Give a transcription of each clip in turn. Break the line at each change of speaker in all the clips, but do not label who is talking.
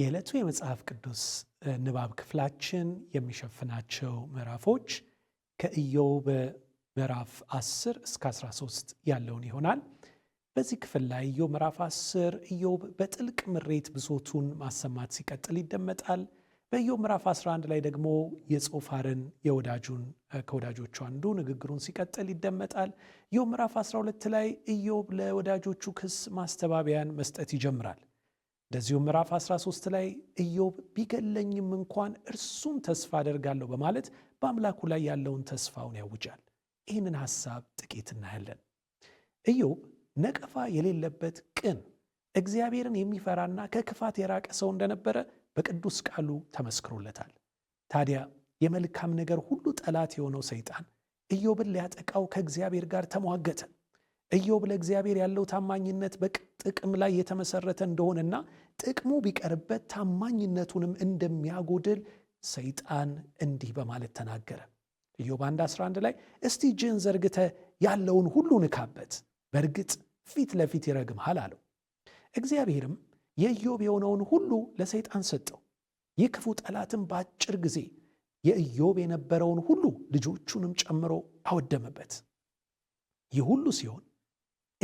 የዕለቱ የመጽሐፍ ቅዱስ ንባብ ክፍላችን የሚሸፍናቸው ምዕራፎች ከኢዮብ ምዕራፍ 10 እስከ 13 ያለውን ይሆናል። በዚህ ክፍል ላይ ኢዮብ ምዕራፍ 10 ኢዮብ በጥልቅ ምሬት ብሶቱን ማሰማት ሲቀጥል ይደመጣል። በኢዮብ ምዕራፍ 11 ላይ ደግሞ የጾፋርን የወዳጁን ከወዳጆቹ አንዱ ንግግሩን ሲቀጥል ይደመጣል። ኢዮብ ምዕራፍ 12 ላይ ኢዮብ ለወዳጆቹ ክስ ማስተባበያን መስጠት ይጀምራል። እንደዚሁም ምዕራፍ 13 ላይ ኢዮብ ቢገለኝም እንኳን እርሱን ተስፋ አደርጋለሁ በማለት በአምላኩ ላይ ያለውን ተስፋውን ያውጃል። ይህንን ሐሳብ ጥቂት እናያለን። ኢዮብ ነቀፋ የሌለበት ቅን፣ እግዚአብሔርን የሚፈራና ከክፋት የራቀ ሰው እንደነበረ በቅዱስ ቃሉ ተመስክሮለታል። ታዲያ የመልካም ነገር ሁሉ ጠላት የሆነው ሰይጣን ኢዮብን ሊያጠቃው ከእግዚአብሔር ጋር ተሟገተ። ኢዮብ ለእግዚአብሔር ያለው ታማኝነት በጥቅም ላይ የተመሰረተ እንደሆነና ጥቅሙ ቢቀርበት ታማኝነቱንም እንደሚያጎድል ሰይጣን እንዲህ በማለት ተናገረ። ኢዮብ 1 11 ላይ እስቲ እጅህን ዘርግተ ያለውን ሁሉ ንካበት፣ በእርግጥ ፊት ለፊት ይረግምሃል አለው። እግዚአብሔርም የኢዮብ የሆነውን ሁሉ ለሰይጣን ሰጠው። ይህ ክፉ ጠላትም በአጭር ጊዜ የኢዮብ የነበረውን ሁሉ ልጆቹንም ጨምሮ አወደመበት። ይህ ሁሉ ሲሆን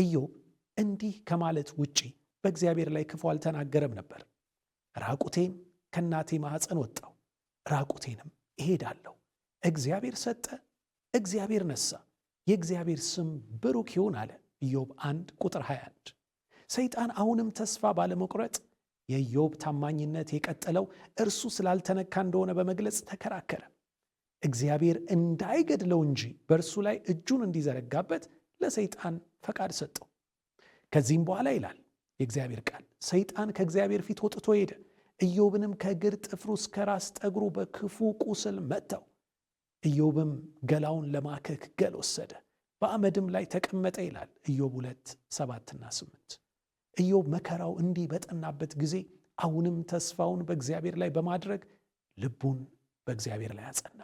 ኢዮብ እንዲህ ከማለት ውጪ በእግዚአብሔር ላይ ክፉ አልተናገረም ነበር። ራቁቴን ከእናቴ ማኅፀን ወጣው፣ ራቁቴንም እሄዳለሁ። እግዚአብሔር ሰጠ፣ እግዚአብሔር ነሳ፣ የእግዚአብሔር ስም ብሩክ ይሁን አለ። ኢዮብ 1 ቁጥር 21 ሰይጣን አሁንም ተስፋ ባለመቁረጥ የኢዮብ ታማኝነት የቀጠለው እርሱ ስላልተነካ እንደሆነ በመግለጽ ተከራከረ። እግዚአብሔር እንዳይገድለው እንጂ በእርሱ ላይ እጁን እንዲዘረጋበት ለሰይጣን ፈቃድ ሰጠው። ከዚህም በኋላ ይላል የእግዚአብሔር ቃል ሰይጣን ከእግዚአብሔር ፊት ወጥቶ ሄደ። ኢዮብንም ከእግር ጥፍሩ እስከ ራስ ጠጉሩ በክፉ ቁስል መታው። ኢዮብም ገላውን ለማከክ ገል ወሰደ፣ በአመድም ላይ ተቀመጠ ይላል ኢዮብ ሁለት ሰባትና ስምንት ኢዮብ መከራው እንዲህ በጠናበት ጊዜ አሁንም ተስፋውን በእግዚአብሔር ላይ በማድረግ ልቡን በእግዚአብሔር ላይ አጸና።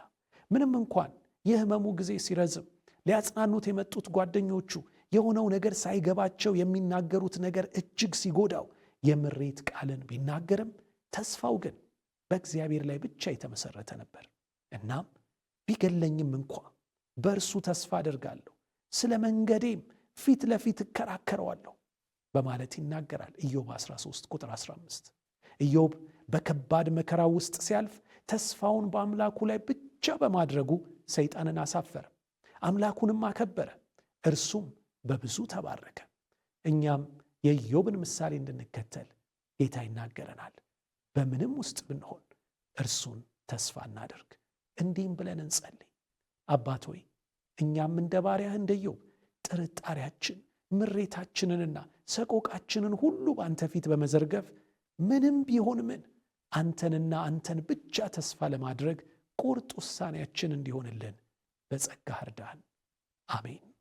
ምንም እንኳን የህመሙ ጊዜ ሲረዝም ሊያጽናኑት የመጡት ጓደኞቹ የሆነው ነገር ሳይገባቸው የሚናገሩት ነገር እጅግ ሲጎዳው የምሬት ቃልን ቢናገርም ተስፋው ግን በእግዚአብሔር ላይ ብቻ የተመሰረተ ነበር። እናም ቢገለኝም እንኳ በእርሱ ተስፋ አደርጋለሁ፣ ስለ መንገዴም ፊት ለፊት እከራከረዋለሁ በማለት ይናገራል። ኢዮብ 13 ቁጥር 15 ኢዮብ በከባድ መከራ ውስጥ ሲያልፍ ተስፋውን በአምላኩ ላይ ብቻ በማድረጉ ሰይጣንን አሳፈረ። አምላኩንም አከበረ፣ እርሱም በብዙ ተባረከ። እኛም የኢዮብን ምሳሌ እንድንከተል ጌታ ይናገረናል። በምንም ውስጥ ብንሆን እርሱን ተስፋ እናደርግ። እንዲህም ብለን እንጸልይ። አባት ሆይ እኛም እንደ ባሪያህ እንደ ኢዮብ ምሬታችንንና ሰቆቃችንን ሁሉ በአንተ ፊት በመዘርገፍ ምንም ቢሆን ምን አንተንና አንተን ብቻ ተስፋ ለማድረግ ቁርጥ ውሳኔያችን እንዲሆንልን that's a God done. Amen.